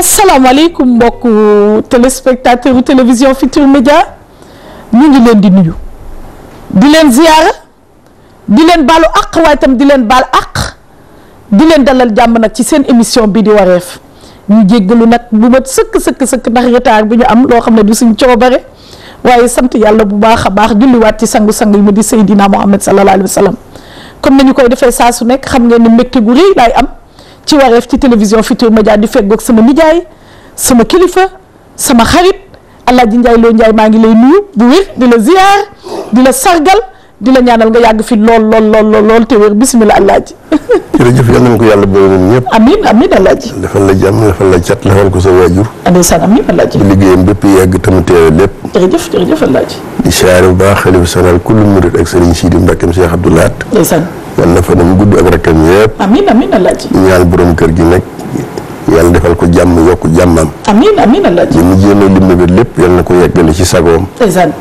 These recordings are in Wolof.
asalaamaaleykum mbokk téléspectateur télévision Futurs Médias ñu ngi leen di nuyu di leen ziyaara di leen baalu àq waaye itam di leen baal àq di leen dalal jàmb nag ci seen émission bi di wareef ñu jéggalu nag bu mat sëkk sëkk sëkk ndax retard bi ñu am loo xam ne du suñ coobare waaye sant yàlla bu baax a baax julliwaat ci sangu-sang yi mu di Seydina Muhammad sallallahu alayhi wa sallam comme nañu koy defee saa su nekk xam nga ne mbégte gu rëy laay am ci wareef ci télévision Futurs Médias di feggoog sama nijaay sama kilifa sama xarit Alaaji Njaay Loo Njaay maa ngi lay nuyu bu wér di la ziyaar di la sargal di la ñaanal nga yàgg fi lool lool lool lool te wér bisimilah Alaaji. jërëjëf yal na ma ko yàlla boole ñun ñëpp. amiin amiin Alaaji. defal la jàmm defal la cat defal ko sa waajur. ndeysaan amiin Alaaji. bu liggéeyam bépp yàgg tamit teewee lépp. jërëjëf jërëjëf Alaaji. di siyaare bu baax xalifa sanal kullu murit yàlla fa dem gudd ak rakkam yëpp. amiin amiin alaaji. ñaan borom kër gi nag yàlla defal ko jàmm yokk jàmmam. amiin amiin alaaji. li mu jéem a lim lépp yàlla na ko yeggale ci sagoom. ndeysaan.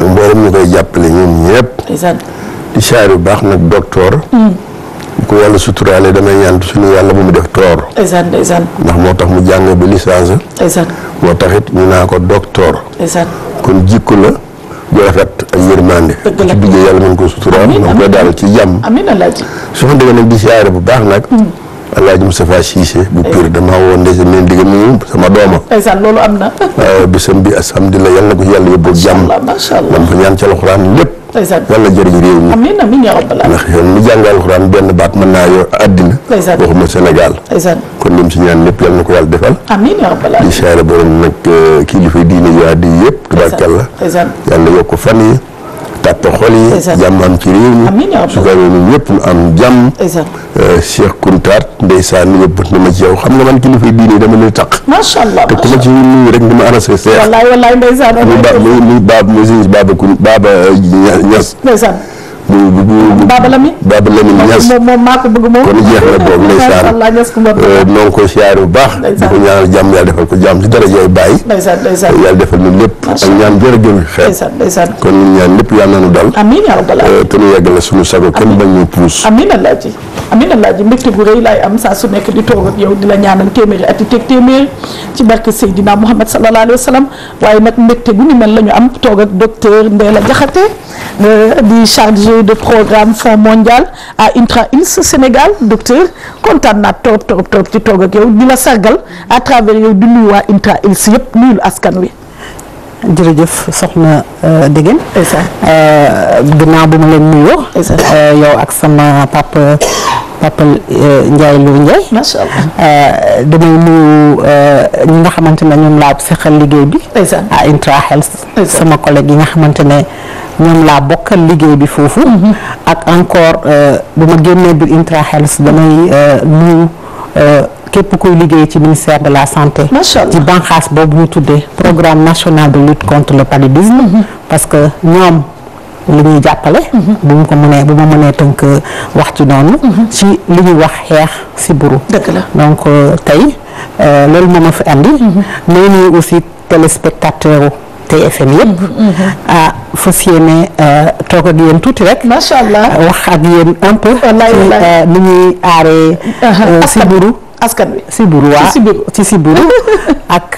mboolem ñu koy jàppale ñoom ñëpp. ndeysaan. di saar bu baax nag docteur. bu mm. ko yàlla suturaale damay ñaan suñu yàlla bu mu def toor. ndeysaan ndeysaan. ndax moo tax mu jàng ba licence. ndeysaan. moo taxit ñu naa ko docteur. ndeysaan. kon jikko la. ju rafet ak yërmande ci duggee yàlla mën ko suturaal man koy daal ci jàmm amiin alaaji su ma déggee nag di siyaare bu baax nag mm. alaaji Moustapha Cissé bu Pire dama woon ndeysa meen digga mu sama dooma ndeysaan loolu am na waaye bisam bi alhamdulilah yàlla na ko yàlla yóbbu jàmm lam fa ñaan ca alxuraan lépp yàlla jëriñ réew mi amiin amiin yaa rabbal ndax yoon baat mën naa yor àddina waxuma Sénégal kon lim si ñaan lépp yàlla na ko yàlla defal amiin yaa rabbal incha allah borom nag euh, kilifa diine yaa di yëpp yokk fan yi tàppe xol yi jàmm am ci réew mi su ko ñun ñëpp ñu am jàmm euh, Cheikh Kountaat ndeysaan yëpp na ma ci yow xam nga man kilifa diine dama leen taq macha allah ku ma ci nuyu rek ni ma ana seex wallaay baab muy baab muy euh, Serigne Baba Lamine Baba Lamine Niass moom maa ko bëgg moom kon jeex na boog euh, bu baax di ko ñaanal jàmm yàlla defal ko jam ci dara jooy bàyyi yàlla defal ñu lépp ak ñaan jërëjëf xeet kon ñun ñaan lépp yàlla nañu dal euh, te ñu yegg la suñu sago kenn bañ puus amin alaaji mbégte gu rëy laay am saa su nekk di toog ak yow di la ñaanal téeméeri ati teg téeméer ci barke Seydina Mouhamed sallallahu alayhi wa sallam waaye nag mbégte gu ni mel la ñu am toog ak docteur Ndella Diakhaté euh, di chargé de programme Fonds mondial à Intra Ils Sénégal docteur kontaan naa trop trop trop ci toog ak yow di la sargal à travers yow di nuyu waa Intra Ils yëpp nuyul askan wi. jërëjëf soxna euh, Degene. Euh, ginnaaw bu ma leen nuyoo. Euh, yow ak sama papa papa Ndiaye Lour damay nuyu ñi nga xamante ne ñoom laa seqal liggéey bi. à sama collègue yi nga xamante ne ñoom laa bokkal liggéey bi foofu. Mm-hmm. ak encore bu ma génnee biir Intra damay nuyu. képp kuy liggéey ci ministère de la santé ci banqaas boobu ñu tuddee programme national de lutte contre le paludisme mm-hmm. parce que ñoom li jàppale mm-hmm. bu mu ko mënee bu ma mënee tënk wax ci noonu mm-hmm. ci li ñuy wax xeex si buru donc euh, tey euh, loolu moo ma fi andi mais nii aussi téléspectateur u TFM yëpp ah fas yéene euh, toog ak yéen tuuti rek macha allah wax ak yéen un peu ni ñuy aaree si buru askan wi. siburu waaw ci sibur ak siburu euh, ak.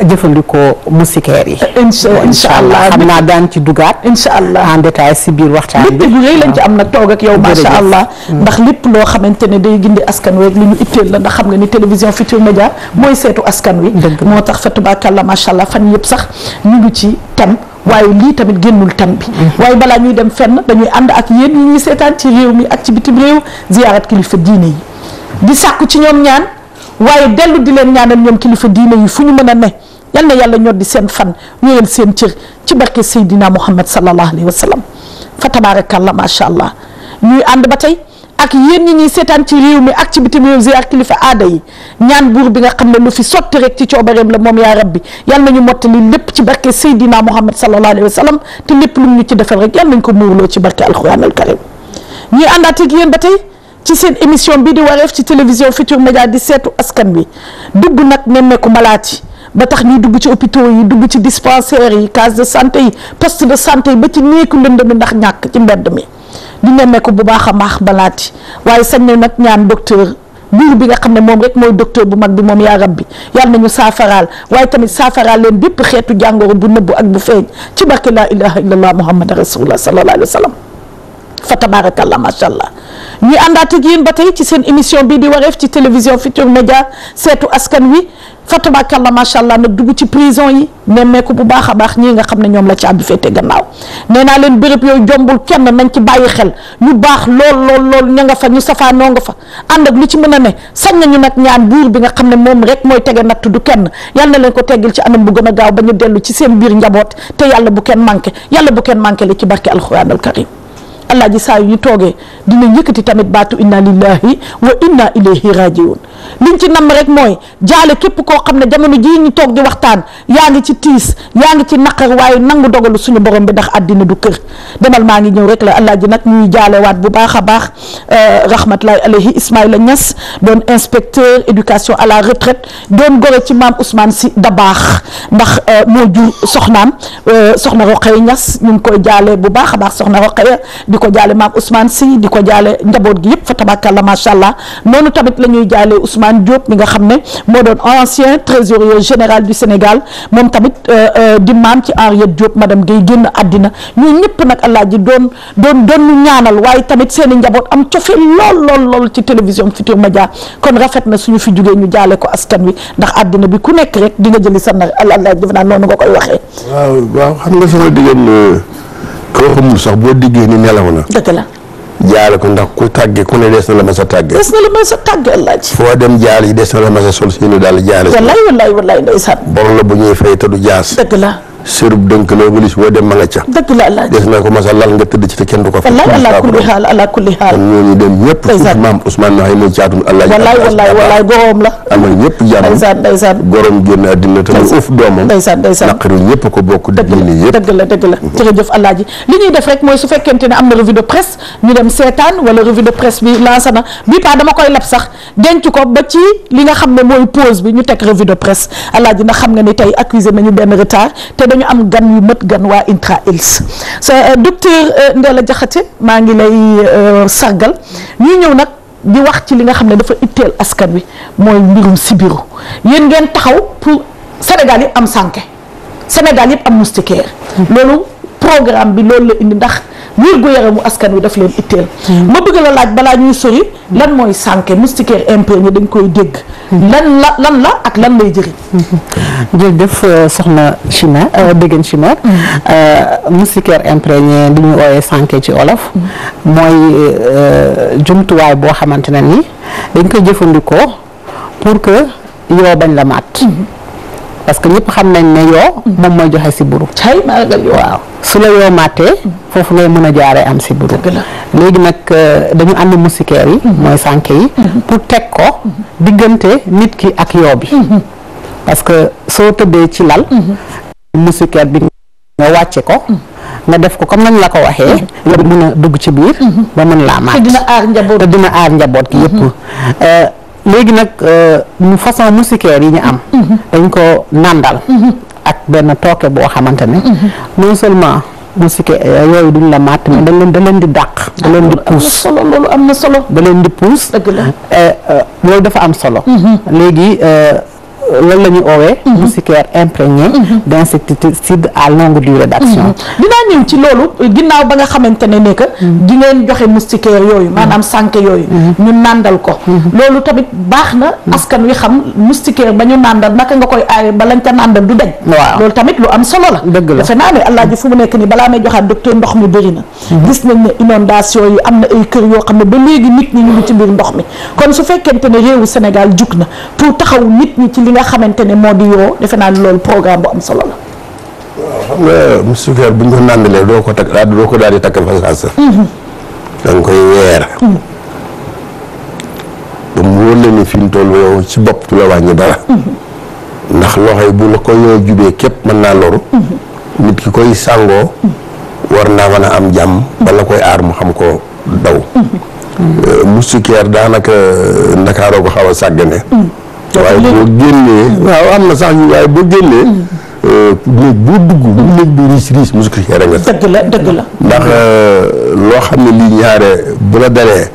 jëfandikoo moustiquaire yi. Euh, incha allah xam naa daan ci dugaat. incha allah en détail si biir waxtaan bi. lépp lañ ci am nag ah. toog ak yow. macha mm. loo xamante ne day gindi askan wi itteel la ndax xam nga ni télévision Futurs Médias mooy seetu askan wi. moo tax fa tubaakalla macha allah fan yëpp sax ñu ngi ci tam. waaye lii tamit génnul tam bi mm. waaye balaa ñuy dem fenn dañuy ànd ak yéen ñuy seetaan ci réew mi ak ci bitim réew ziyaarat kilifa diine yi di sàkku ci ñoom ñaan waaye dellu di leen ñaanal ñoom kilifa diine yi fu ñu mën a ne yal na yàlla ñor di seen fan wéyal seen cër ci barke Seydina Muhammad sallallahu alayhi wa sallam fa tabaarakallah macha allah ñuy ànd ba tey ak yéen ñi ñuy seetaan ci réew mi ak ci bitim réew si ak kilifa aada yi ñaan buur bi nga xam ne lu fi sotti rek ci coobareem la moom yaa rabbi yal nañu mottali lépp ci barke Seydina Muhammad sallallahu alayhi wa sallam te lépp lu ñu ci defal rek yal nañ ko ci seen émission bi di wareef ci télévision Futur Média di seetu askan wi dugg nag nemmeeku malaat yi ba tax ñuy dugg ci hôpitaux yi dugg ci dispensaires yi case de santé yi poste de santé yi ba ci néeku lënd mi ndax ñàkk ci mbedd mi di nemmeeku bu baax a baax malaat yi waaye sañ nag ñaan docteur buur bi nga xam ne moom rek mooy docteur bu mag bi moom yaa rab bi yàlla nañu saafaraal waaye tamit saafaraal leen bépp xeetu jàngoro bu nëbbu ak bu feeñ ci barke laa ilaha illallah muhammad rasulullah sallallahu alayhi wa sallam fa tabarakallah macha allah ñi àndaat ak ba tey ci seen émission bii di wareef ci télévision Futurs Médias seetu askan wi fatabakalla macha allah nag dugg ci prison yi nemmeeku bu baax a baax ñi nga xam ne ñoom la ci àbbi féete gannaaw nee naa leen béréb yooyu jombul kenn nañ ci bàyyi xel ñu baax lool lool lool ña nga fa ñu safaanoo nga fa ànd ak lu ci mën a ne sañ nañu nag ñaan buur bi nga xam ne moom rek mooy tege natt du kenn yal na leen ko teggil ci anam bu gën a gaaw ba ñu dellu ci seen biir njaboot te yàlla bu kenn manqué yàlla bu kenn manqué li ci barke alxuraanal karim alaaji saa yu ñu toogee dina yëkkati tamit baatu inna lillahi wa inna ilayhi rajiun liñ ci namm rek mooy jaale képp koo xam ne jamono jii ñu toog di waxtaan yaa ngi ci tiis yaa ngi ci naqar waaye nangu dogalu suñu borom bi ndax àddina du kër demal maa ngi ñëw rek la alaaji nag ñuy waat bu baax a baax euh, rahmatullahi alayhi Ismaïla Niass doon inspecteur éducation à la retraite doon gore ci maam si da baax ndax euh, moo jur soxnaam euh, soxna Roqaya Niass ñu ngi koy jaale bu baax a baax soxna Roqaya di ko jaale maam Ousmane si di ko jaale njaboot gi yëpp fa tabaakalla macha allah Ousmane Diop mi nga xam ne moo doon ancien trésorier général du Sénégal moom tamit euh, euh, di maam ci Henriette ma dem Guèye génn àddina ñun ñëpp nag alaaji doon doon doon ñaanal waaye tamit seen i njaboot am cofeel lool lool lool ci télévision Futurs Médias kon rafet na suñu fi jugee ñu jaale ko askan wi ndax àddina bi ku nekk rek di nga jëli sa nag alaaji defe naa noonu nga koy waxee. waaw waaw xam nga sama diggante euh, koo xamul sax boo diggee ni nelaw la. jaale ko ndax ku tàgge ku ne des na la ma sa tàgge des na sa tàgge allaaji foo dem jaal yi des na la ma sa sol seeni daal jaale wallaay wallaay wallaay ndeysaan bor la bu ñuy fay te du jaas dëgg la sërub dënk la walis allah des naa allah kulli xaal allah kulli xaal allah wallaay wallaay wallaay goroom jàmm ndeysaan génn àddina te muy uf doomam ndeysaan ndeysaan ko bokk diine yëpp dëgg la mhm. def rek mooy su fekkente ne am na revue de presse ñu dem seetaan wala revue de presse bi lancé na bi pas dama koy lab sax denc ko ba ci li nga xam ne mooy pause bi ñu teg revue de presse allah ji na xam nga ni tey accusé nañu benn retard dañu am gan yu mët gan waa Intra Health euh, docteur euh, la Diakhaté maa ngi lay euh, sargal ñuy ñëw nag di wax ci li nga xam ne dafa itteel askan wi mooy mbirum sibiru yéen ngeen taxaw pour Sénégal yëpp am sànke Sénégal yëpp am moustiquaire hmm. loolu programme bi loolu la indi ndax wér-gu-yaramu askan wi daf leen itteel hmm. ma bëgg la laaj balaa ñuy sori lan mooy sànke moustiquaire imprégné dañ koy dégg hmm. lan la lan la ak lan lay jëriñ hmm. jërëjëf euh, soxna Chimère euh, déggan Chimère euh, moustiquaire imprégné bi ñu ooyee sànke ci olof mooy jumtuwaay boo xamante ne ni dañ koy jëfandikoo pour que yoo bañ la maat parce que ñëpp xam nañ ne yoo moom mooy joxe si buru waaw su la yoo màttee foofu ngay mën a jaaree am si buru léegi nag euh, dañu ànd musikeer yi mhm. mooy sànke yi mhm. pour teg ko mhm. diggante nit ki ak yoo bi parce que soo tëddee ci lal musikeer bi nga wàcce ko nga def ko comme nañ la ko waxee yoo bi a dugg ci biir ba mën laa màtt te dina aar njaboot gi yëpp euh, léegi nag ñu euh, façon moustiquaire yi ñu am dañ ko nàndal ak benn tooke boo xamante ne non seulement moustiquaire euh, yooyu duñ la màtt mais da leen da leen di dàq da leen di puus loolu am na solo da leen di puus euh, loolu dafa am solo mm-hmm. léegi lan la ñu oowee moustiquaire mhm. imprégné mhm. d'insecticide à longue durée d'action mhm. dinaa ñëw ci loolu ginnaaw ba nga xamante ne ne que di joxe moustiquaire yooyu maanaam sànke yooyu ñu nàndal ko loolu tamit baax na askan wi xam moustiquaire ba ñu nàndal naka nga koy aare ba lañ ca nàndal du dañ waaw loolu tamit lu am solo la dëgg la defe naa ne allah ji fu mu nekk ni balaa may joxaat docteur ndox mi bëri na gis nañ ne inondation yi am na ay kër yoo xam ne ba léegi nit ñi ñu ngi ci biir ndox mi kon su fekkente nga xamante ne moo defe naa loolu programme xam nga mu suukar bu ko nàndalee doo ko takk doo ko daal di takkal fa saasa. koy weer. Mm-hmm. ba mu wóor la ni fi mu toll yow ci bopp du la wàññi dara. Mm-hmm. ndax loxo yi bu la ko yoo jubee képp mën naa loru. Mm-hmm. nit ki koy sàngoo. war naa mën a am jàmm. bala koy aar mu xam ko daw. mu euh, suukar daanaka euh, ndakaaroo ko xaw a sàggane. waaye boo génnee mm. waaw am na sax ñu waaye boo génnee mm. euh, néeg boo dugg mu néeg bi riis riis musculaire nga sax dëgg la dëgg la ndax euh, loo xam ne lii ñaare bu la dalee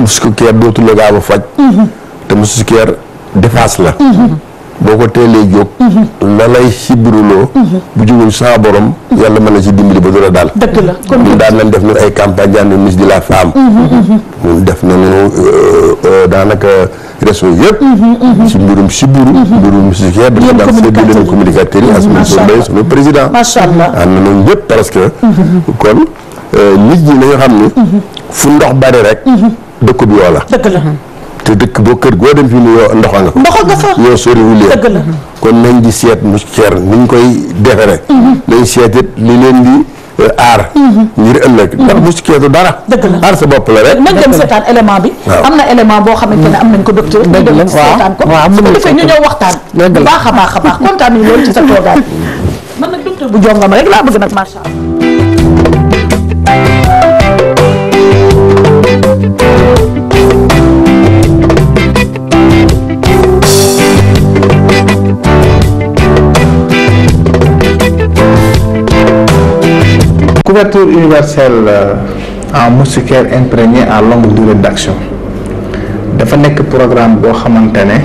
musculaire mm-hmm. euh, dootu la gaaw faj mm-hmm. te musculaire défense la mm-hmm. boo ko teelee jóg. la lay xibiruloo. bu jugul sans borom. yàlla man na si dimbali ba dara daal. dëgg la comme ñun daan nañ def ñun ay campagne daan nañ mis di la femme. ñun def nañu euh, euh, daanaka réseau yëpp. ci mbirum sibiru. mbirum sikière dafa daan séddale nañ communicateurs yi. macha allah Asmin Sow Mbaye sunu président. allah am na ñun ñëpp parce que. kon euh, nit ñi nañu xam ni. Mhm. fu ndox bari rek. Mhm. dëkk bi wala. dëgg la. te dëkk boo kër goo dem fi mu yoo a a nga fa yoo soriwul kon nañ di seet lu cher koy defaree. Mhm. nañ seet it li leen di. Euh, aar mhm. ngir ëllëg ndax muskietu mhm. dara dëgg la aar sa bopp la rek nañ dem seetaan bi am na élément boo xamante ne am nañ ko docteur ñu dem seetaan ko su ko defee ñu ñëw waxtaan baax a baax a baax kontaan nañu loolu ci sa toogaay man nag docteur bu jongama rek laa bëgg nag macha allah couverture universelle euh, en moustiquaire imprégnée à longue durée d'action dafa nekk programme boo xamante ne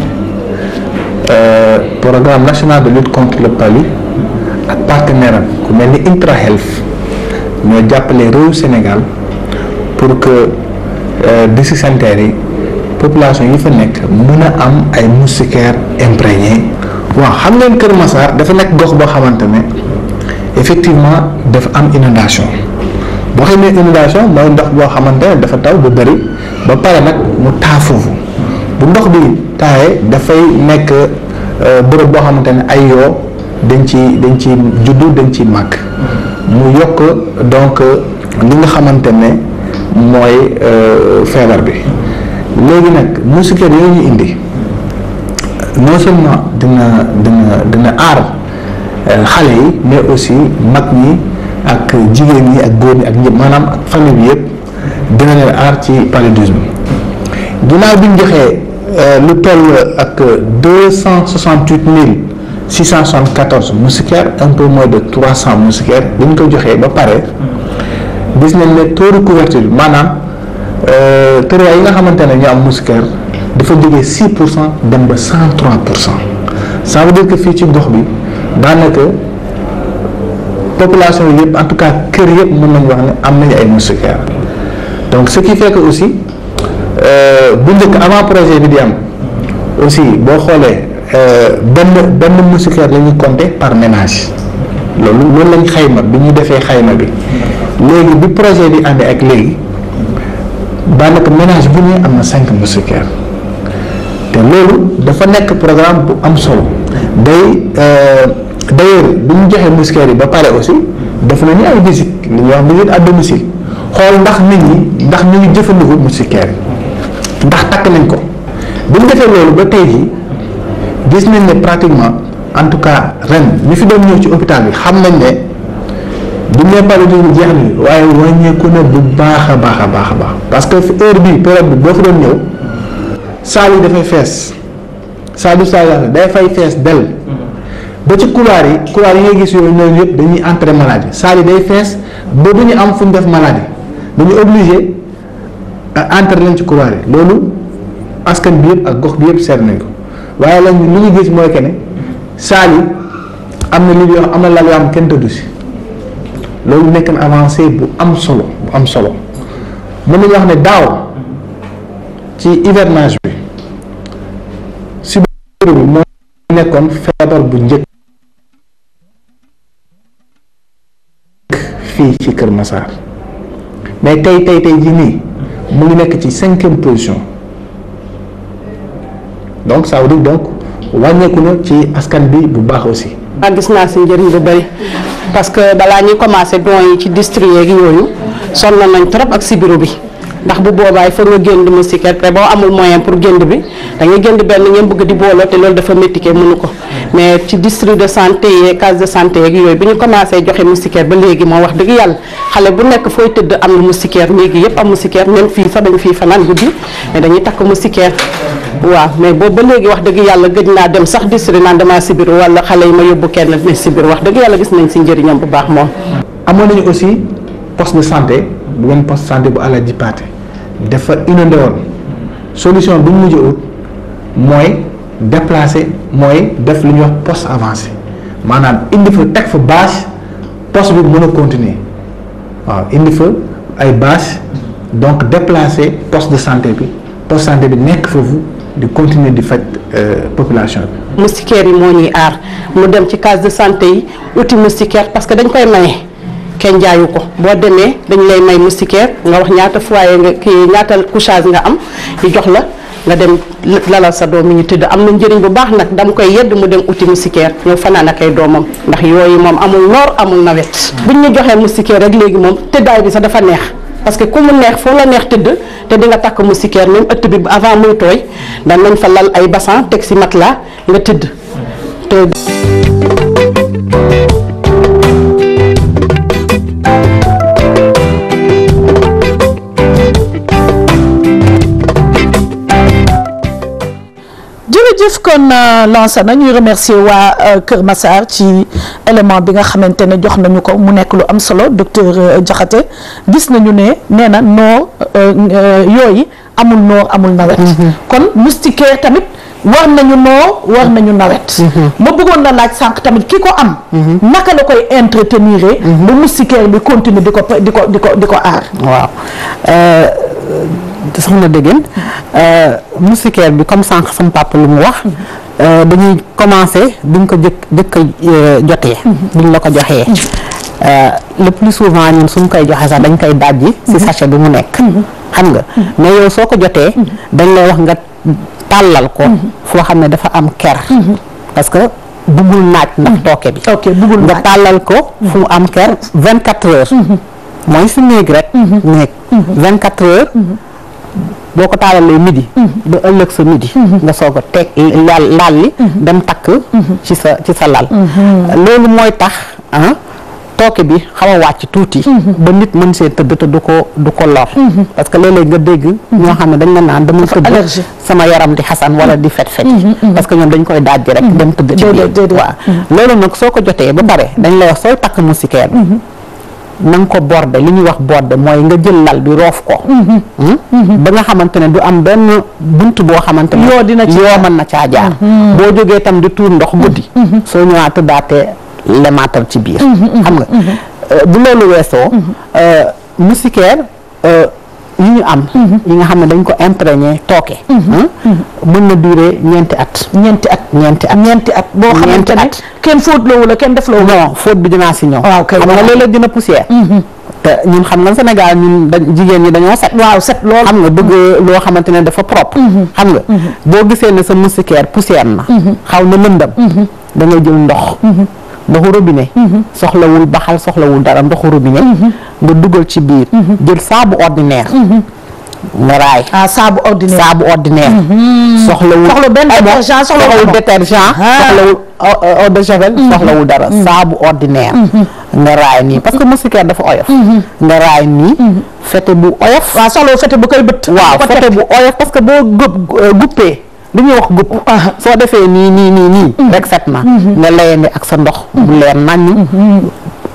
euh, programme national de lutte contre le ak partenaire am ku mel ni Intra Health ñoo jàppale réew Sénégal pour que euh, districts sanitaires yi population yi fa nekk mën a am ay moustiquaires imprégnés waaw xam ngeen Kër Massar dafa nekk gox boo xamante ne. effectivement dafa am inondation boo xamee inondation mooy ndox boo xamante ne dafa taw ba bëri ba pare nag mu taa foofu bu ndox bi taawee dafay nekk euh, bërëb boo xamante ne ay yoo dañ ci dañ ci juddu dañ ci màgg mu yokk donc li nga xamante ne mooy euh, feebar bi léegi nag moustiquaires yooyu ñu indi non seulement dina dina dina aar Euh, xale yi mais aussi mag ñi ak jigéen ñi ak góor ñi ak ñëpp maanaam famille bi yëpp dina leen aar ci paludisme ginnaaw bi ñu joxee euh, lu toll ak deux cent soixante huit mille six cent soixante quatorze moustiquaires un peu moins de trois cent moustiquaires bi ñu ko joxee ba pare gis nañ ne taux de couverture maanaam euh, tërwaay yi nga xamante ne ñu am moustiquaire dafa jógee six cent dem ba cent trois pour cent ça veut fii ci gox bi. daanaka population yëpp en tout cas kër yëpp mën nañu wax ne am nañu ay moustiquaires donc ce qui fait que aussi euh, bu njëkk avant projet bi di am aussi boo xoolee euh, benn benn moustiquaire la ñuy par ménage loolu loolu lañ xayma bi ñu defee xayma bi léegi bi projet bi àndee ak léegi daanaka ménage bu ne am na cinq moustiquaires te loolu dafa nekk programme bu am solo. day euh, d'ailleurs bu ñu joxee moustiquaires yi ba pare aussi def ni ay visite li ñuy wax visite à domicile xool ndax nit ñi ndax ñu ngi jëfandikoo moustiquaires yi ndax takk nañ ko bu ñu defee loolu ba tey jii gis nañ ne pratiquement en tout cas ren ñu fi doon ñëw ci hôpital bi xam nañ ne du ñu pare du jeex ni waaye wàññeeku na bu baax a baax a baax a baax parce que heure bii période bi boo fi doon ñëw saal yi dafay fees. saa du saa day fay fees dell. ba ci couloir yi couloir yi ngay gis yooyu noonu yëpp dañuy entrer malade saali salle day fees ba du ñu am fu ñu def malade yi dañu obligé euh, entrer leen ci couloir loolu askan bi yëpp ak gox bi yëpp seet nañ ko waaye lañ li ñu gis mooy que saali am na li ñuy wax am na lal yoo am kenn tëddu si loolu nekk na avancé bu am solo bu am solo mën nañu wax ne daaw ci hivernage bi moo nekkoon feebar bu njëkk fii ci Kër Massar mais tey tey tey jii nii mu ngi nekk ci cinquième position donc ça veut donc wàññeeku na ci askan bi bu baax aussi. ah naa si njëriñ bu bëri parce que balaa ñuy commencé don yi ci district yeeg yooyu sonn nañ trop ak sibiru bi. ndax bu boobaay fa nga génn mu sikkar boo amul moyen pour génn bi da ngay génn benn ngeen bëgg di booloo te loolu dafa métti ke mënu ko mais ci district de santé yeeg case de santé yeeg yooyu bi ñu commencé joxe moustiquaire ba léegi moo wax dëgg yàlla xale bu nekk fooy tëdd am na moustiquaire léegi yëpp am moustiquaire neen fii sax dañu fii fanaan guddi mais dañuy takk moustiquaire waaw mais boobu ba léegi wax dëgg yàlla gëj naa dem sax district naan damaa sibir wala xale yi ma yóbbu wax dëgg yàlla gis nañ si njëriñam bu baax moom amoon nañu aussi poste de santé bu benn poste santé bu Alaaji Paate dafa inondé woon solution bi mu mujj ut mooy déplacer mooy def lu ñuy wax poste avancé maanaam indi fa teg fa bâche poste bi mën a continuer waaw indi fa ay bâche donc déplacer poste de santé bi poste santé bi nekk foofu di continuer di faj euh, population bi. moustiquaire yi moo ñuy aar mu dem ci case de santé yi uti moustiquaire parce que dañ koy maye. kenn ko boo demee dañ lay may moustiquaire nga wax ñaata foyer nga kii ñaata couchage nga am ñu jox la nga dem lalal sa doom mi ñu tëdd am na njëriñ bu baax nag dam koy yedd mu dem uti moustiquaire ñëw fanaan ak ay doomam ndax yooyu moom amul noor amul nawet bu ñu joxee moustiquaire rek léegi moom tëddaay bi sax dafa neex parce que ku mu neex foo la neex tëdd te di nga takk moustiquaire même ëtt bi avant muy tooy dan nañ fa lal ay bassans teg si matelas nga tëdd jërëjëf kon euh, na ñuy remercier waa euh, Kër Massar ci élément bi nga xamante ne jox nañu ko mu nekk lu am solo docteur euh, Diakhaté gis nañu ne nee na noor yooyu amul noor amul nawet. Mm-hmm. kon moustiquaire tamit war nañu noor war nañu nawet. Mm-hmm. ma bëggoon la laaj sànq tamit ki ko am. Mm-hmm. naka la koy entretenir. ba moustiquaire bi continuer di ko di ko di ko di ko aar. waaw. soxna Dégène euh, moustiquaire bi comme sànq sama papa lu mu wax euh, dañuy commencé duñ ko jëkk jëkk euh, jotee duñ la ko joxee le plus souvent suñ koy joxe sax dañ koy dajji ci sachet mu nekk xam nga mais yow soo ko jotee dañ lay wax nga tàllal ko foo xam ne dafa am ker parce que buggul naaj ndax tooke bi nga tàllal ko fu am ker vingt quatre heures mooy si néeg rek mhm. néeg mhm. vingt quatre heures boo ko taalalee midi. Mm-hmm. ba ëllëg sa midi. Mm-hmm. nga soog a teg laal laal li. Mm-hmm. dem takk. ci sa ci sa lal. loolu mooy tax ah tooke bi xaw a wàcc tuuti. ba nit mën see tëdd te du ko du ko lor. parce que léeg-léeg nga dégg. ñoo xam ne dañ la naan dama tëdd. sama yaram di xasan wala di fet fet parce que ñoom dañ koy daaj rek. dem tëdd ci biir waaw loolu nag soo ko jotee ba pare dañ lay wax sooy takk musikeer bi na nga ko borde li ñuy wax borde mooy nga jël lal bi roof ko mm-hmm. Hmm? Mm-hmm. ba nga xamante ne du am benn bunt boo xamante ne yoo dina ci yoo mën na caa jaar mm-hmm. boo jógee itam di tuur ndox guddi soo ñëwaat tëddaatee lemaatal ci biir xam nga euh, bu loolu weesoo musikeer euh, yi ñu am mhm. yi nga xam ne dañ ko imprégné tooke mhm. Ah? Mhm. mën na durer ñeenti at ñeenti at ñeenti at ñeenti at boo xamante ne kenn fóot loowu la kenn def loowu non fóot bi dinaa si ñëw ah, xam nga léeg-léeg dina poussière te ñun xam nga Sénégal ñun da jigéen ñi dañoo set waaw set lool xam nga bëgg loo xamante ne dafa propre xam nga boo gisee ne sa moustiquaire poussière na xaw na lëndam da ngay jël ndox ndoxu robinet mhm. soxlawul baxal soxlawul dara ndoxu robinet mhm. nga dugal ci biir mhm. jël saabu ordinaire nga raay ah saabu ordinaire soxlawul soxla benn détergent soxlawul détergent ah. soxlawul eau de javel soxlawul dara saabu ordinaire nga raay nii parce que moustiquaire dafa oyof nga raay nii fete bu oyof waaw soxlawul fete bu koy bëtt waaw fete bu oyof parce que boo euh, guppee li ñu wax gupp ah, soo defee nii nii nii nii mm-hmm. rek mm-hmm. nga layandi ak sa ndox mm-hmm. mu leer naññ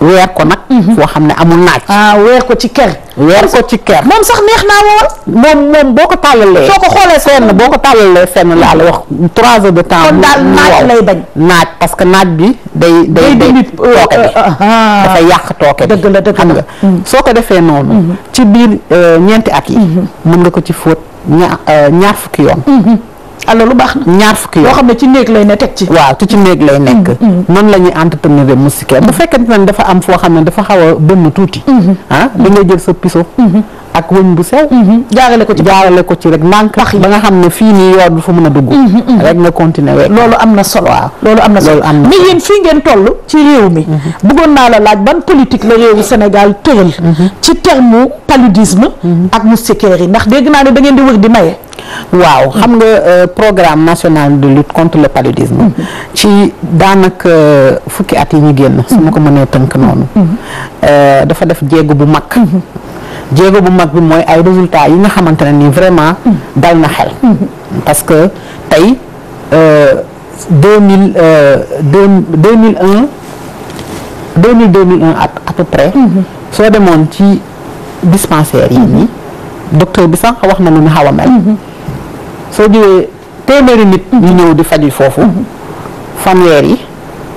weer ko nag foo xam ne amul naaj ah weer ko ci ker weer ko ci ker moom sax neex naa woon moom moom boo ko tàllalee soo ko xoolee fenn boo ko tàllalee fenn laa wax trois heures de temps kon daal naaj lay bañ naaj parce que naaj bi day day day tooke bi ah, ah, dafay yàq tooke bi dëgg la dëgg xam nga soo ko defee noonu ci biir euh, ñeenti at yi mën nga ko ci fóot ñaar euh, ñaar fukki yoon alors lu baax na ñaar fukki yoo xam ne ci néeg lay ne teg ci waaw tu ci néeg lay nekk mm, mm, mm. noonu la ñuy entretenir moustiquaire bu fekkente ne dafa am foo xam ne dafa xaw a bënn tuuti mm-hmm. ah da ngay jël sa piso mm-hmm. ak wëñ bu sew mm-hmm. jaarale ko ci jaarale ko ci rek ndànk ba nga xam ne fii nii yoon du fa mën a dugg rek nga continuer loolu am na solo waaw loolu am na solo mais yéen fii ngeen toll ci réew mi bëggoon naa la laaj ban politique la réewu Sénégal tëral ci terme paludisme ak moustiquaire yi ndax dégg naa ne da ngeen di wër di maye waaw xam nga euh, programme national de lutte contre le paludisme mm-hmm. ci daanaka euh, fukki at yi ñu génn su ma ko mm-hmm. mënee tënk noonu mm-hmm. euh, dafa def jéego bu mag jéego bu mag bi mooy ay résultats yi nga xamante ne ni vraiment dal na xel parce que tey deux mille deux mille un deux mille deux mille un à peu soo demoon ci dispensaire yi nii docteur bi sax wax na lu ne xaw mel soo jëlee téeméeri nit ñu ñëw di faju foofu mhm. fanweer yi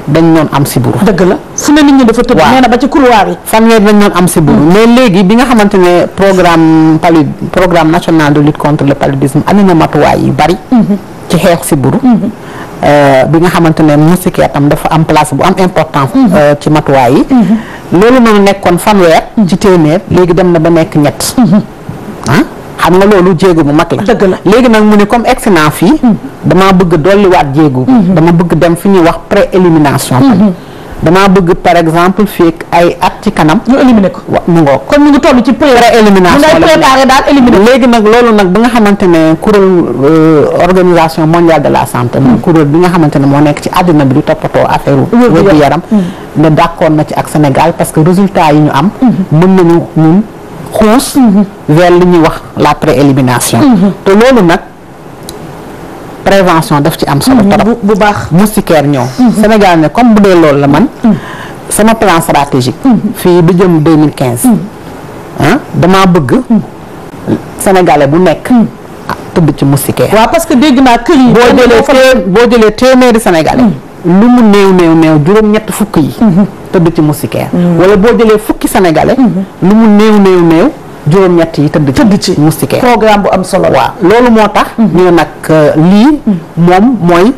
dañ doon am siburu. dëgg la fu ne nit ñu dafa tëb. nee na ba ci couloir yi. fanweer dañ doon am siburu. Mhm. mais léegi bi nga xamante ne programme palud programme national de lutte contre le paludisme am na matuwaay yu bari. Mhm. ci xeex siburu. Euh, bi nga xamante ne moustiquaire tam dafa am place bu am importance. Euh, ci matuwaay yi. loolu noonu nekkoon fanweer. ci téeméer léegi dem na ba nekk ñett. Ah? xam nga loolu jéego bu léegi nag mu ne comme egsi naa fii hmm. damaa bëgg dolliwaat jéego hmm. dama bëgg dem fi ñuy wax pré élimination hmm. damaa bëgg par exemple fii ay at ci kanam. ñu éliminer ko mu ngoo kon ñu ngi toll ci pré élimination la préparé daal éliminer léegi nag loolu nag bi nga xamante ne kuréel euh, organisation mondiale de la santé. moom kuréel bi nga xamante ne moo nekk ci àddina bi du toppatoo affaire wér yaram ne d'accord na ci ak Sénégal parce que résultat yi ñu am. mën nañu ñun. xuus vers li ñuy wax la préélimination mhm. te loolu nag prévention daf ci am solo mhm. trop bu baax moustiquaire ñëw mhm. Sénégal ne comme bu dee loolu la man sama plan stratégique fii bi jëm 2015 damaa bëgg sénégalais bu nekk ah, tëdd ci moustiquaire waaw parce que dégg naa kër yi boo jëlee boo jëlee téeméeri lu mu néew néew néew juróom ñett fukk yi tëdd ci moustiquaire mm-hmm. wala boo jëlee fukki sénégalais mm-hmm. lu mu néew néew néew juróom-ñett yi tëdd ci tëdd ci moustiquaire programme bu am solo waaw loolu moo tax mm-hmm. ñu nag euh, lii moom mooy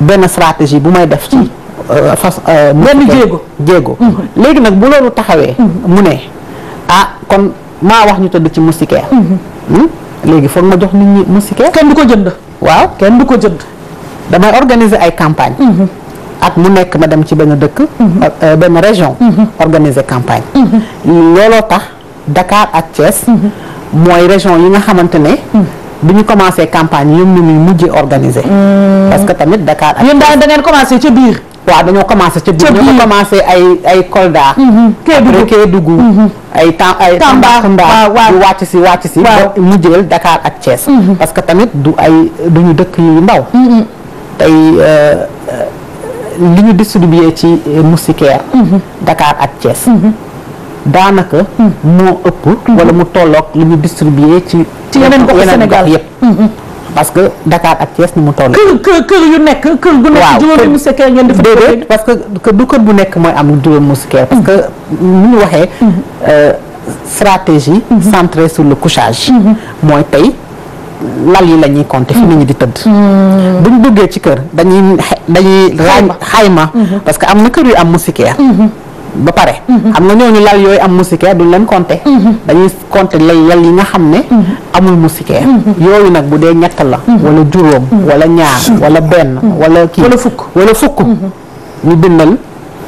benn stratégie bu may def ci euh, fas euh, benn jéego jéego léegi nag bu loolu taxawee mu ne ah kon maa wax ñu tëdd ci moustiquaire hmm? léegi foog ma jox nit ñi moustiquaire kenn du ko jënd waaw kenn du ko jënd damay organiser ay campagne at mu nekk ma dem ci benn dëkk euh, benn région organiser campagne looloo tax dakaar ak Thiès mooy région yi nga xamante ne bi ñu commencé campagne ñoom ñu mujjee organiser hmm. parce que tamit Dakar ak yéen commencé ca biir waaw dañoo commencé ca biir commencé ay ay Kolda hmm. Kédougou Kédougou hmm. ay tam ay Tambacounda di si wàcc si ba mujjeel parce que tamit du ay duñu dëkk yu ndaw tey euh, li ñu distribué ci euh, moustiquaire mhm. Dakar ak Thiès mhm. daanaka mhm. moo ëpp wala mu tolloog li ñu distribué ci ci yeneen gox Sénégal yëpp parce que Dakar ak Thiès ni mu toll. kër kër yu nekk kër gu nekk juróomi moustiquaire ngeen def déedéet parce que du kër bu nekk mooy am juróomi moustiquaire parce que ni ñu waxee euh, stratégie centrée sur le couchage mooy tey lal yi la ñuy compter fi nit ñi di tëdd hmm. buñ duggee ci kër dañuy dañuy xayma hmm. parce que am na kër yu am moustiquaire hmm. ba pare am na ñooñu lal yooyu am moustiquaire duñ leen conte dañuy conte lay lal yi nga xam ne amul moustiquaire yooyu nag bu dee ñett la wala juróom wala ñaar wala benn wala fukk wala fukk ñu bindal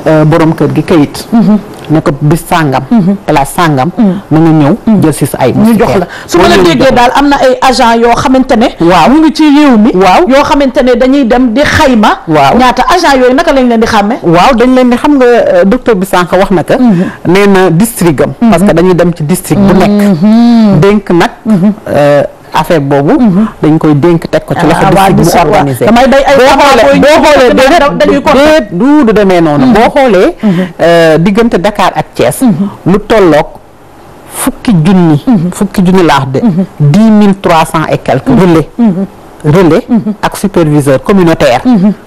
Euh, borom kër gi kayit. Mhm. ne ko bis sàngam. Mhm. place sàngam. Mhm. na nga ñëw jël si sa ay. jox la su ma la déggee daal am na ay agent yoo xamante ne. waaw ñu ngi ci réew mi. waaw yoo xamante ne dañuy dem di xayma. waaw ñaata agent yooyu naka lañ leen di xàmme. waaw dañ leen di xam nga euh, docteur bi sànq wax na ko. nee na district am. parce que dañuy dem ci district bu nekk. dénk nag. Euh, affaire boobu. Mhm. dañ koy dénk teg ko ci loxo ah, district bu organisé. damay day ay boo xoolee du du demee noonu. Mhm. boo xoolee mhm. euh, diggante Dakar ak Thiès. lu tolloog fukki junni. fukki junni laax de. dix mille trois cent et quelques relais. relais ak superviseur communautaire.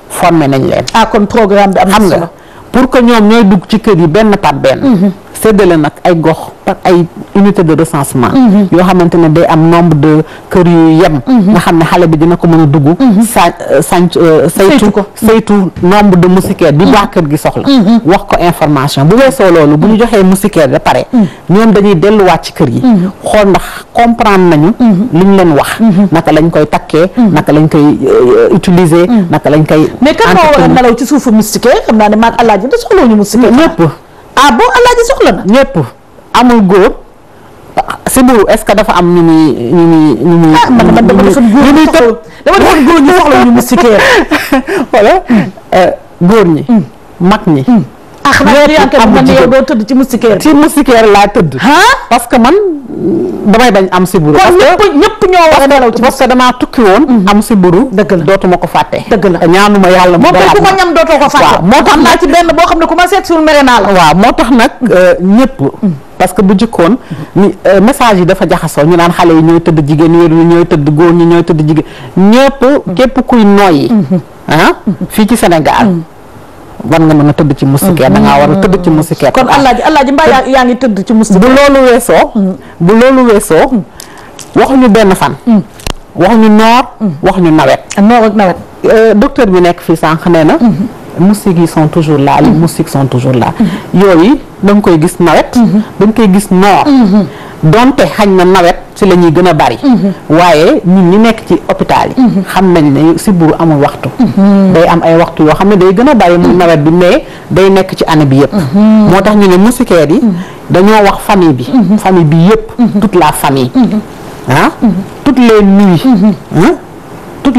formé nañ leen. ah kon programme bi am na solo xam nga pour que ñoom ñooy dugg ci kër yi benn par benn. séddale nag ay gox par ay unité de recensement mhm. yoo xamante ne day am nombre de kër yu yem mhm. nga xam ne xale bi dina ko mën a dugg mhm. sa euh, sànc euh, ko saytu nombre de moustiquaires bi waa kër gi soxla wax ko information bu weesoo loolu bu ñu joxee moustiquaire da pare ñoom dañuy delluwaat ci kër yi xool ndax comprendre nañu li ñu leen wax naka lañ koy takkee naka lañ koy euh, utiliser naka lañ koy mais kan moo a nelaw ci suufu moustiquaire xam naa ne maag alaaji da soxlawuñu moustiquaire ñëpp ah boo alaaji soxla na ñëpp amul góor Sibiru est-ce que dafa am ñu muy ñu muy ñu muy ah man man dama defoon góor ñu soxla dama mustikeer wala góor ñi hmm. mag ñi hmm. ah xanaa yow doo tëdd ci mustikeer ci mustikeer laa tëdd parce que man damay bañ am si buru. parce que ñëpp ñoo war a nelaw ci parce que damaa tukki woon. Mhm. am si buru. dëgg la dootuma ko fàtte. dëgg la ñaanuma yàlla. moo ku ko ñam dootoo moo tax naa boo xam ne ku ma seet suul mere moo tax nag mhm. euh, ñëpp. Mhm. parce que bu jëkkoon ni euh, message yi dafa jaxasoo ñu naan xale yi ñooy tëdd jigéen ñi ñooy tëdd góor ñi ñooy tëdd jigéen ñëpp képp kuy noyyi. ah fii ci Sénégal. war nga mën a tëdd ci moustiquaire mhm. da ngaa war a tëdd ci moustiquaire kon Alaaji Alaaji mbaa yaa ngi tëdd ci moustiquaire bu loolu weesoo mhm. bu loolu weesoo mhm. waxuñu benn fan waxuñu noor waxuñu nawet noor ak nawet euh, docteur bi nekk fii sànq nee na moustiques yi sont toujours la les moustiques mhm. sont toujours là mhm. yooyu da nga koy gis nawet mhm. da koy gis noor donte xañ na nawet ci la ñuy gën a bari waaye ñun ñi nekk ci hôpital yi xam nañ ne si sibiru amul waxtu day am ay waxtu yoo xam ne day gën a bari mu nawet bi mais day nekk ci anne bi yëpp moo tax ñu ne moustiquaires yi dañoo wax famille bi famille bi yëpp toute la famille ah toutes les nuits toutes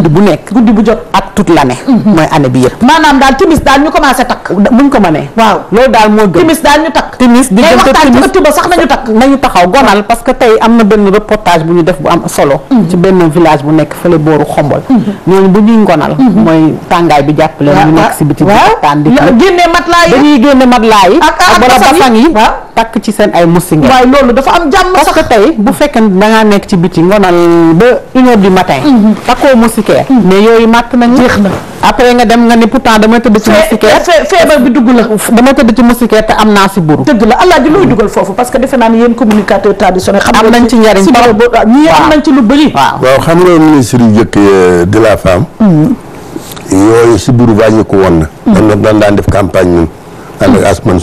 guddi bu nekk. jot ak toute l'année. Mhm. mooy année bi yëpp. maanaam daal timis daal ñu commencé takk. buñ ko mënee. waaw loolu daal moo gën. timis daal ñu takk. timis di waxtaan nañu taxaw gonal parce que tey am na benn reportage bu ñu def bu am solo. Mhm. ci benn village bu nekk fële booru xombol. Mhm. ñooñu bu ñuy ngonal. mooy tàngaay bi jàppale ñu nekk si biti. waaw waaw génne matelas yi dañuy génne matelas yi. ak ak basan yi takk ci seen ay musinga waaye loolu dafa am jàmm sax parce que bu fekk da ngaa nekk ci biti ngonal ba une heure du matin mhm. takkoo moustiquaire mhm. mais yooyu màtt nañ jeex nga dem nga ni pourtant damay tëdd ci moustiquaire feebar bi dugg la ci moustiquaire te am naa si buru dëgg la allah ji looy dugal foofu parce que defe naa ne yéen communicateur traditionnel am nañ ci njariñ ñii am nañ ci lu bëri waaw xam nga ministre yu jëkk euh, de la femme mhm. yooyu si buru wàññi ko woon na dan daan def campagne ñun ànd ak Asman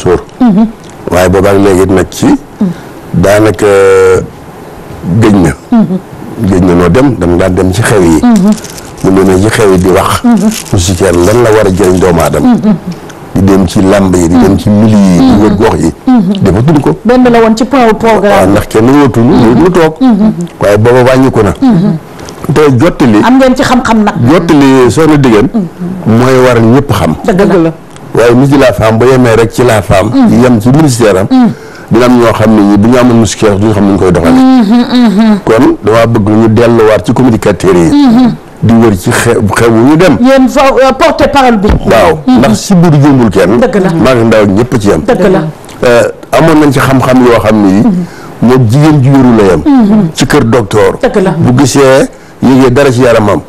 waaye boobaak léegi nag ci daanaka euh, géej na mm-hmm. géej na noo dem dama daan dem ci xew yi mm-hmm. mu demee ci xew yi di wax musikeer mm-hmm. lan la war a jëriñ doomaadam aadama di dem ci làmb yi di dem ci mili yi di gox yi defatuñ ko benn la woon ci programme waaw ndax kenn wootuñu loolu mu toog waaye booba wàññi na te jottali am ngeen ci xam-xam nag jottali soo na diggéen mooy war ñëpp xam dëgg la waaye ministre de la femme ba yemee rek ci la femme. Mm. yem ci ministère am. Mm. dina am ñoo xam ne ñi bu ñu amoon muskeel duñu xam nañ koy doxalee. Mm-hmm, mm-hmm. kon damaa bëgg ñu delluwaat ci communicateurs yi. Mm-hmm. di wër ci ñu dem. yéen fa euh, porte waaw ndax si biir jëmbul kenn. dëgg la maa ngi ñëpp ci yem. dëgg la euh, amoon nañ ci xam-xam yoo xam ni. moom jigéen ju wéru la yem. ci kër docteur. dëgg bu gisee yëgee dara ci yaramam.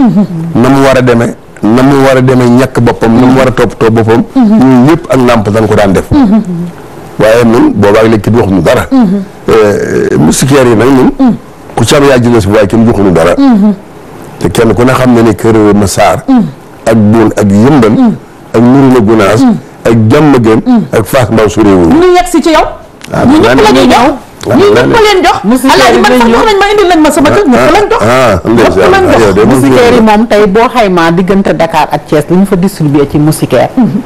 na mu war a deme na mu war a demee ñàkk boppam na mu war a toppatoo boppam ñun ñëpp ak nàmp dañ ko daan def waaye nun boobaag léegi kenn waxuñu dara eh, moustiquaire yi nag nun ku ci am yaa jëlee si waaye kenn joxuñu dara kenn ku ne xam ne ne kër Massar ak Boune ak Yëmbal ak Murina Gunaas ak Jàmm Gën ak Fass Mbaw su réewu ñu yegg si ci yow ah, ñu ñëpp la ñuy ñëw ñii ñëpp ma leen jox. alaaji ma indil ma sama lañ jox. ñëpp ah, ah, jox moustiquaire yi moom tey boo xaymaa diggante Dakar ak Thiès li ñu fa distribué ci moustiquaire mhm.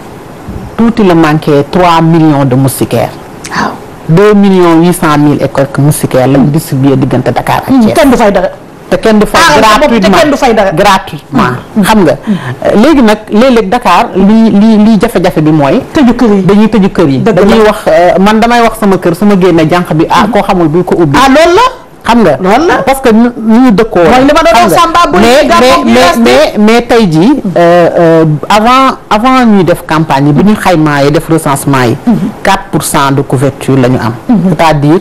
tuuti la manqué 3 millions de moustiquaires. waaw 2 millions 800 mille et quelques moustiquaires lañ distribué diggante Dakar ak mhm, Thiès. te kenn du fay gratuitement ah, te kenn fay dara gratuitement mm. Mm. xam nga mm. léegi nag léeg dakaar Dakar lii lii lii jafe-jafe bi mooy tëju kër yi dañuy tëju kër yi dañuy wax euh, man damay wax sama kër su ma génne jànq bi ah mm-hmm. koo xamul bul ko ubbi ah loolu la xam nga parce que ñu ñu dëkkoo mooy li ma doon wax bu mais mais mais mais tey jii mm-hmm. euh, euh, avant avant ñuy def campagne yi bi ñu xaymaa yi def recensement yi 4 mm-hmm. pour cent de couverture la ñu am c'est-à-dire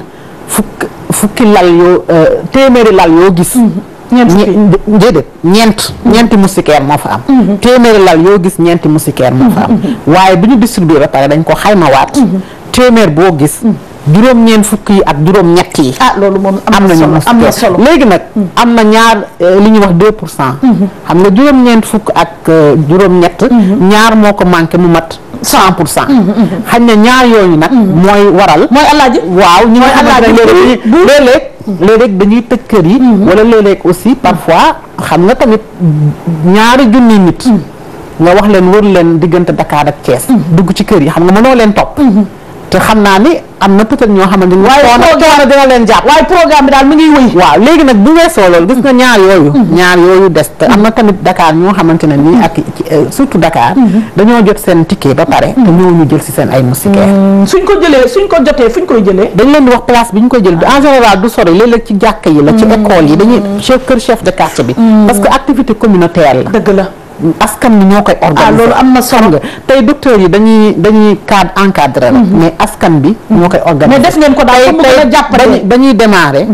fukki lal yoo euh, téeméeri lal yoo gis. Mhm. ñeent ñeent mhm. ñeenti moustiquaire moo fa am mhm. téeméeri lal yoo gis ñeenti moustiquaire moo fa am waaye bi ñu distribué ba pare dañ ko xaymawaat téeméer boo gis juróom-ñeent fukk yi ak juróom-ñett yi. ah loolu moom am na solo am na solo léegi nag. Hmm. am na ñaar euh, li ñuy wax 2 pour cent. Hmm. xam nga juróom-ñeent fukk ak euh, juróom-ñett. Hmm. ñaar moo ko manqué mu mat. cent pour cent. xañ na ñaar yooyu nag. mooy waral. mooy alaaji waaw ñi nga xamante ne léeg-léeg dañuy tëj kër yi. wala léeg-léeg aussi parfois xam nga tamit ñaari junni nit. nga wax leen wër leen diggante Dakar ak Thiès. dugg ci kër yi xam nga mënoo leen topp. te xam naa ni am na peut-être ñoo xamante ni. waaye programme dina leen jàpp waaye programme bi daal mi ngi wëy. waaw léegi nag bu weesoo loolu gis nga ñaar yooyu. Mm-hmm. ñaar yooyu des te am na mm-hmm. tamit dakaar ñoo xamante ne nii ak euh, surtout Dakar. Mm-hmm. dañoo jot seen ticket ba pare. te ñooñu jël si seen ay moustiquaires. suñ ko jëlee suñ ko jotee fu fuñ koy jëlee. dañ leen di wax place bi ñu koy jël bi en général du sori léeg-léeg ci jàkka yi la. ci école yi dañu chef kër chef de quartier bi. parce que activité communautaire la. la. askan bi ñoo koy ah, organiser loolu am na solo nga tey docteur yi dañuy dañuy cadre encadré rek mm-hmm. mais askan bi ñoo koy organiser mais def ngeen ko daal mu gën a jàppale ba ñuy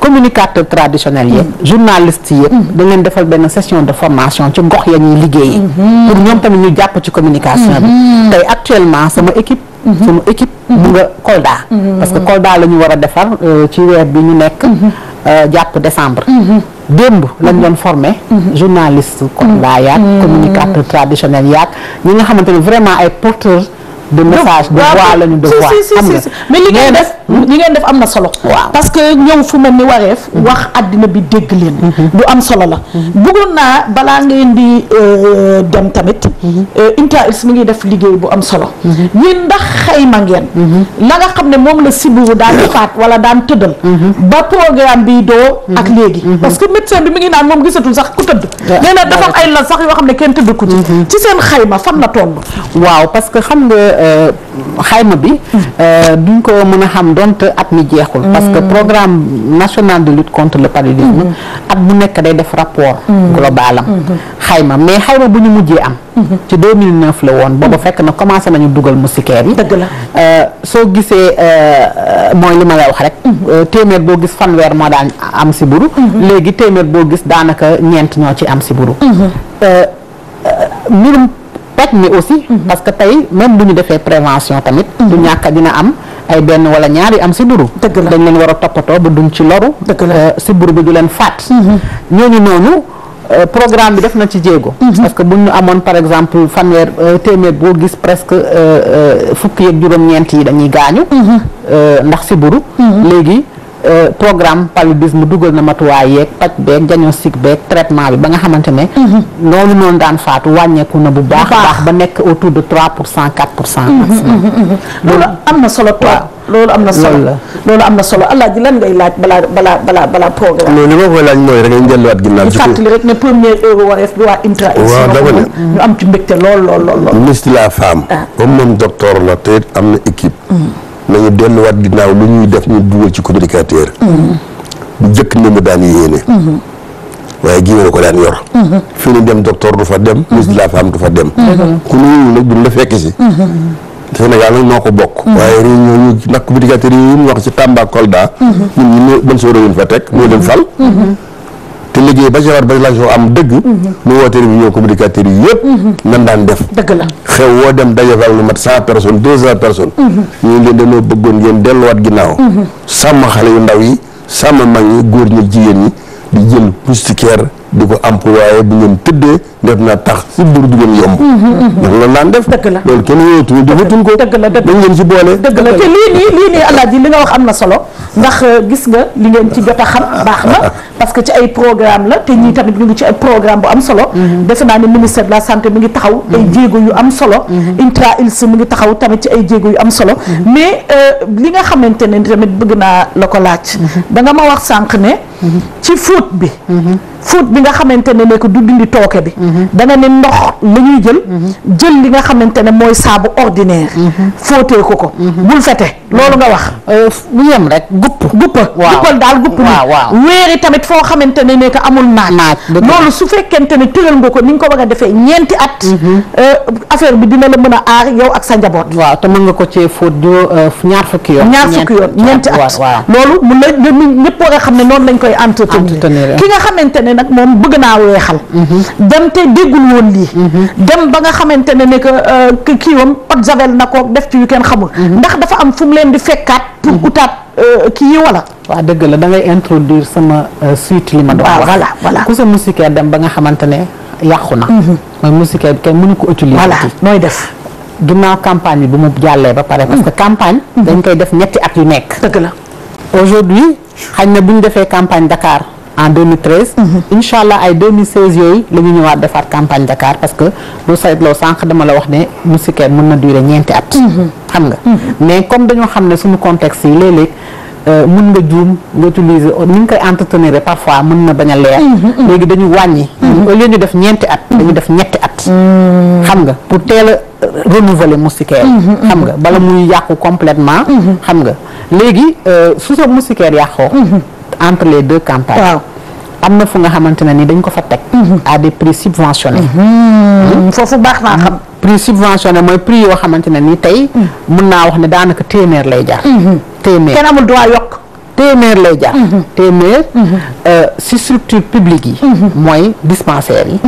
communicateur traditionnel yëpp mm-hmm. journaliste yëpp mm-hmm. dañ leen defal benn session de formation ci gox ya ñuy liggéeyi pour ñoom tamit ñu jàpp ci communication bi tey actuellement sama équipe Mm-hmm. sunu équipe mm-hmm. mu nga Kolda mm-hmm. parce que Kolda la ñu war a defar euh, ci weer bi ñu nekk euh, jàpp décembre démb lañ doon formé journaliste Kolda yaag communicateur traditionnel yaag ñi nga xamante ne vraiment ay porteurs de message de voix lañu de voix am na mais li hmm. ngeen def am na solo. parce que ñëw fu mel ni wareef. Hmm. wax àddina bi dégg leen. Hmm. lu am solo la. bëggoon naa balaa ngeen di euh, dem tamit. Euh, Intra-Ils mu ngi def liggéey bu am solo. yéen ndax xayma ngeen. la nga xam ne moom la sibiru daan faat wala daan tëddal. ba programme bi doo. ak léegi parce que médecin bi mi ngi naan moom gisatul sax ku tëdd. nee na dafa ay la sax yoo xam ne kenn tëdd ku ci. ci seen xayma fan la toll. waaw Euh, xayma bi euh, duñ ko mën a xam dont at mi jeexul parce que mm. programme national de lutte contre le paludisme mm-hmm. at bu nekk day def rapport mm-hmm. globalam mm-hmm. xayma mais xayma bu ñu mujjee am ci 2009 la woon booba fekk na commencé nañu dugal moustiquaire yi dëgg la euh, soo gisee mooy li ma la wax rek téeméer boo gis fanweer moo daan am si buru léegi téeméer boo gis daanaka ñeent ñoo ci am si buru faj mais aussi mhm. parce que tey même bu ñu defee prévention tamit mhm. du ñàkk dina am ay benn wala ñaar yi am sibbiru dañ leen war a toppatoo ba duñ ci loru euh, sibbiru bi du leen faat mhm. ñooñu noonu euh, programme bi def na ci jéego parce que bu ñu amoon par exemple fanweer euh, téeméer boo gis presque fukk yeeg juróom-ñeent yi dañuy gaañu ndax sibbiru léegi Euh, programme paludisme dugal na matuwaay yeeg paj beeg diagnostic beeg traitement bi ba nga xamante ne loolu mhm. noonu daan faatu wàññeeku na bu baax baax ba nekk autour de trois pour cent quatre pour cent mhm, mhm, loolu am na solo trop loolu am na solo loolu am na solo alaaji lan ngay laaj balaa balaa balaa balaa programme non li ma koy laaj mooy rek ñu delluwaat ginnaaw di fàttali rek ne premier euro wareef bi waa intra waaw dama ne ñu am ci mbégte lool lool lool lool ministre de la femme ah. moom am na nañu delluwaat ginnaaw lu ñuy def ñu dugal ci communicateur. bu mm-hmm. jëkk ni mu daan yéene. Mm-hmm. waaye gii ko daan yor. Mm-hmm. fi ñu dem docteur du fa dem. ministre de la femme du fa dem. ku ñu nag buñ fekk si. Sénégal nag noo ko bokk. waaye réunion ñu nag communicateurs yi ñu wax ci Tamba Kolda. ñun ñu mën soo fa teg moo dem fal. te liggéey ba ci war ba relation am dëgg mu woote réunion communicateur yi yëpp nan daan def dëgg la xew woo dem daje fa ak lu mat cent personnes deux cent personnes ñu leen dañoo bëggoon ngeen delluwaat ginnaaw sàmm xale yu ndaw yi sàmm mag ñi góor ñi jigéen ñi di jël moustiquaire di ko employé bu ngeen tëddee def na tax si bur du ngeen yomb mhm, mhm. ndax loolu laan def dëgg la loolu kenn yootuñu defatuñ ko dëgg la dañ ngeen si boole te lii nii lii nii li nga wax am na solo ndax euh, gis nga li ngeen ci jot a xam baax na parce que ci ay programme la te ñii tamit ñu ngi ci ay programme bu am solo mhm. defe naa ne ministère de la santé mi ngi taxaw ay jéego yu am solo intra ils mi ngi taxaw tamit ci ay jéego yu am solo mais euh, li nga xamante ne tamit bëgg naa la ko laaj da ma wax sànq ne ci fóot bi fóot bi nga xamante ne nekk du dindi tooke bi mhm. dana ne ndox la ñuy jël mhm. jël li nga xamante ne mooy saabu ordinaire mhm. fóotee ko ko bul fete loolu nga wax bu euh, yem rek gupp guppa guppal daal gupp ni weeri tamit foo xamante ne nekk amul naaj loolu su fekkente ne tëral nga ko ni nga ko war defee ñeenti at euh, affaire bi dina la mën a aar yow ak sa njaboot waaw te mën nga ko cee fóot euh, ñaar fukki yoon ñaar fukki yoon ñeenti at loolu mun na ñëpp war a xam ne noonu lañ koy entretenir ki nga xamante ne ne moom bëgg naa weexal mhm. dem te déggul woon lii mhm. dem ba nga xamante ne ne euh, kii kiiwam pot javel na ko def ci yu kenn xamul mhm. ndax dafa am fu mu leen di fekkaat pour utaat euh, kii yi wala waaw dëgg la da ngay introduire sama euh, suite li ma doon wax voilà ku sa musique dem ba nga xamante ne yàqu na mooy musique bi kenn ko utiliser voilà nooy def ginnaaw campagne bi bu mu jàllee ba pare parce que campagne dañ koy def ñetti at yu nekk dëgg la aujourd'hui xañ na bu ñu defee campagne Dakar en 2013. incha allah ay 2016 yooyu la ñu ñëwaat defaat campagne Dakar parce que boo saytloo sànq dama la wax ne moustiquaire mën na durer ñeenti at. Mhm. xam nga mhm. mais comme dañoo xam ne suñu contexte yi léeg-léeg euh, mën nga juum nga utiliser ni nga koy entretenir parfois mën na bañ a leer. Mhm, léegi dañu wàññi. au lieu ñu def ñeenti at. dañu def ñetti at. xam nga pour teel a euh, renouveler moustiquaire. xam nga bala muy yàqu completement xam nga léegi euh, su sa moustiquaire yàqoo. entre les deux campagnes. waaw am na fu nga xamante ne nii dañ ko fa teg. Mhm. à des prix subventionnés. Mhm. Hmm? foofu baax naa hmm? xam. prix subventionné mooy prix yoo xamante ne nii tey. Hmm. mun naa wax ne daanaka téeméer lay jar. Mhm. téeméer kenn amul droit yokk. téeméer lay jar. téeméer. Euh, si structure publique yi. mooy dispensaires yi.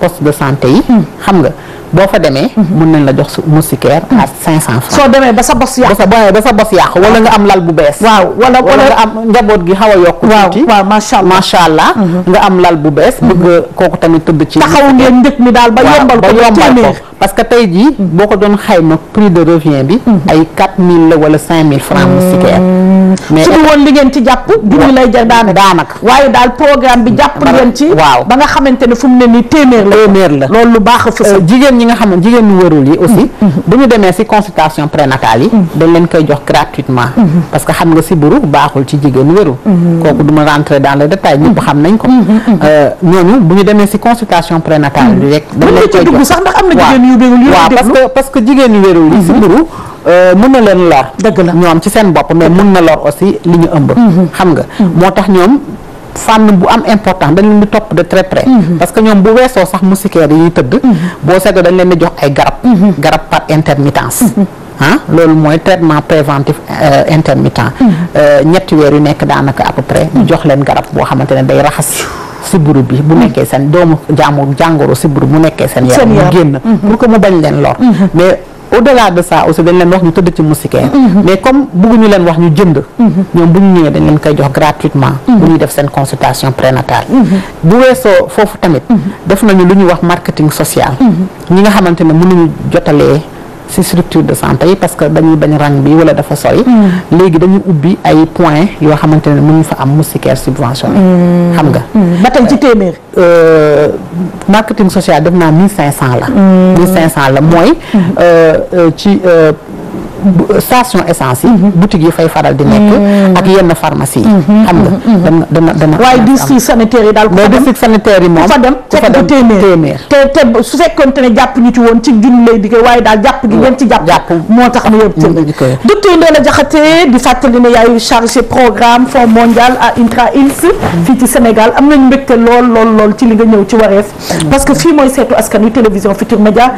poste de santé yi. xam nga. boo fa demee. Mhm. mun nañ la jox su moustiquaire à mhm. francs. soo demee ba sa bos yàqu. ba sa bos yàqu wala nga am lal bu bees. waaw wala wala nga am njaboot gi xaw a yokku. tuuti waaw waaw macha allah mhm. ngeen njëkk mi daal ba yombal ko. ba parce que tey jii. boo ko doon xayma prix de revient bi. ay 4000 la wala 5000 francs moustiquaire. su dul woon li ngeen ci jàpp. junni lay jar daanaka waaye daal programme bi jàpp ngeen ci. ba nga xamante fu mu ne nii téeméer la. loolu baax a fës. Euh, jigéen ñi ñi nga xam ne jigéen ñu wërul yi aussi mm-hmm. bu ñu demee ci consultation prénatale yi mm-hmm. dañ leen koy jox gratuitement mm-hmm. parce que xam nga sibbiru baaxul ci jigéen wërul kooku duma rentrer dans le détail ñëpp xam nañ ko euh, ñooñu bu ñu demee ci consultation prénatale bi rek dañ leen koy jox sax ndax am na jigéen yu wérul yi waaw euh, na leen lor dëgg la ñoom ci seen bopp mais mën na lor aussi li ñu ëmb xam nga moo tax ñoom fànn bu am important dañ leen di topp de très près. Mhm. parce que ñoom bu weesoo sax moustiquaire yi tëdd. Mhm. boo seetoo dañ leen di jox ay garab. Mhm. garab par intermittence. Ah, loolu mooy traitement préventif euh, intermittent euh, ñetti weer yu nekk daanaka à peu près ñu jox leen garab boo xamante ne day raxas sibbiru bi bu nekkee seen doomu jaamu jàngoro sibbiru bu nekkee seen yaram mu génn pour que mu bañ leen lor au-delà de ça aussi dañ leen wax ñu tëdd ci moustiquaire mhm. mais comme bëgguñu leen wax ñu jënd mhm. ñoom bu ñu ñëwee dañ leen koy jox gratuitement mhm. bu ñuy def seen consultation prénatale bu weesoo foofu tamit def nañu lu ñu wax marketing social ñi nga xamante ne mënuñu jotalee ci structure de santé parce que dañuy bañ rang bi wala dafa sori. Mm. léegi dañuy ubbi ay points yoo xamante ne mënuñ fa am moustiquaire subventionné. Mm. xam nga. Mm. ba tey ci euh, téeméer. Euh, marketing social def naa 1500 la. 1500 la mooy. Euh, ci station essence yi. Mhm. boutique yi fay faral di nekk. Mm. ak yenn pharmacie yi. Mhm. xam nga mhm. dana dana waaye district sanitaire yi daal ko fa sanitaire yi moom. ku fa dem teg téeméer te te su fekkoonte ne jàpp ñu ci woon ci junni lay diggee waaye daal jàpp gi ngeen ci jàpp. jàpp moo tax mu yëpp tënk. docteur Ndella Diakhaté di fàttali ne yaay chargé programme fonds mondial à intra ils. fii ci Sénégal am nañu mbégte lool lool lool ci li nga ñëw ci wareef. Mm. parce que fii mooy seetu askan wi télévision Média.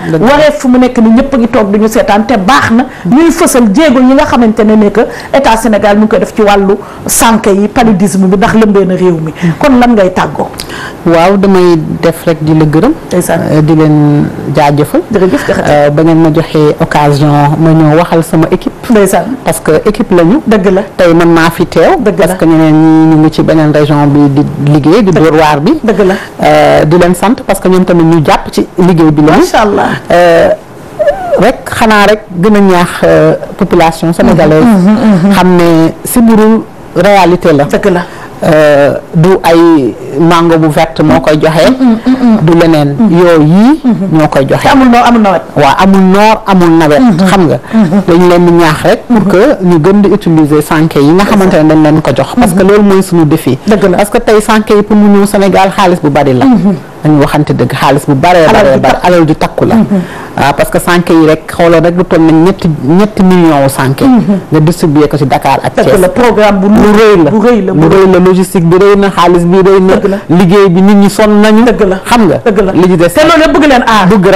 muy fësal jéego yi nga xamante ne ne que état Sénégal mu ngi koy def ci wàllu santé yi paludisme bi ndax lëmbee na réew mi mm. kon lan ngay tàggoo. waaw damay def rek di la gërëm. Euh, di leen jaajëfal. jërëjëf euh, ba ngeen ma joxee occasion ma ñëw waxal sama équipe. ndeysaan parce que équipe lañu. dëgg la tey man naa fi teew. dëgg la parce que ñeneen ñi ñu ngi ci beneen région bi di liggéey di dóor waar bi. dëgg la euh, di leen sant parce que ñoom tamit ñu jàpp ci liggéey bi lañu. rek xanaa rek gën a ñaax euh, population sénégalaise. Mm-hmm, mm-hmm, mm-hmm. xam ne sibiru réalité la. dëgg la euh, du ay mango bu verte moo koy joxe. du leneen. yoo yii ñoo koy joxe. amul noor amul nawet. waaw amul noor amul nawet. xam nga dañ leen di ñaax rek. pour que ñu gën di utiliser sànke yi nga xamante ne dañ leen ko jox. parce que loolu mooy suñu défi. dëgg la parce que tey sànke yi pour mu ñëw Sénégal xaalis bu bari la. dañu waxante dëgg xaalis bu baree baree bare alal ju takku la waaw mm-hmm. ah, parce que sànq yi rek xooloon rek lu toll nañ ñetti ñetti million wu sànq mm-hmm. nga distribué ko ci Dakar ak Thiès bu rëy la lu rëy la logistique bi rëy na xaalis bi rëy na liggéey bi nit ñi sonn nañu xam nga li ñu des te rek aar bëgg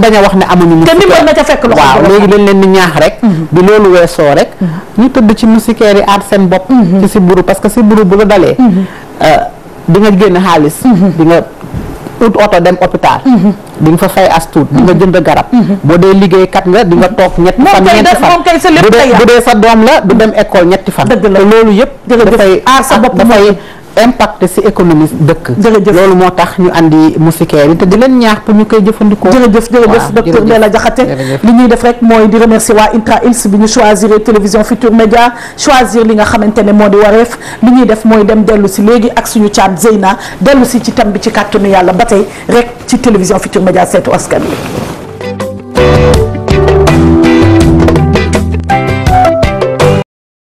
leen a wax ne amuñu ñu waaw léegi dañ leen di ñaax rek mm-hmm. bi loolu weesoo rek ñu tëdd ci musikeer aar seen bopp ci si buru parce si buru bu la dalee euh, di nga génn xaalis mhm. di nga ut oto dem hôpital mhm. di nga fa fay as tuut nga mhm. jënd garab boo dee liggéeykat nga di nga toog ñetti fan ñeenti fan bu dee sa doom la du dem école ñetti fan te loolu yëpp dafay aar sa dafay impact ci économie dëkk. jërëjëf loolu moo tax ñu andi moustiquaire yi te di leen ñaax pour ñu koy jëfandikoo. jërëjëf jërëjëf docteur Ndella Diakhaté li ñuy def rek mooy di remercier waa Intra Ils bi ñu choisir télévision Futur Média choisir li nga xamante ne moo di wareef li ñuy def mooy dem dellu si léegi ak suñu caat Zeyna dellu si ci thème bi ci kàttanu yàlla ba tey rek ci télévision Futur Média seetu askan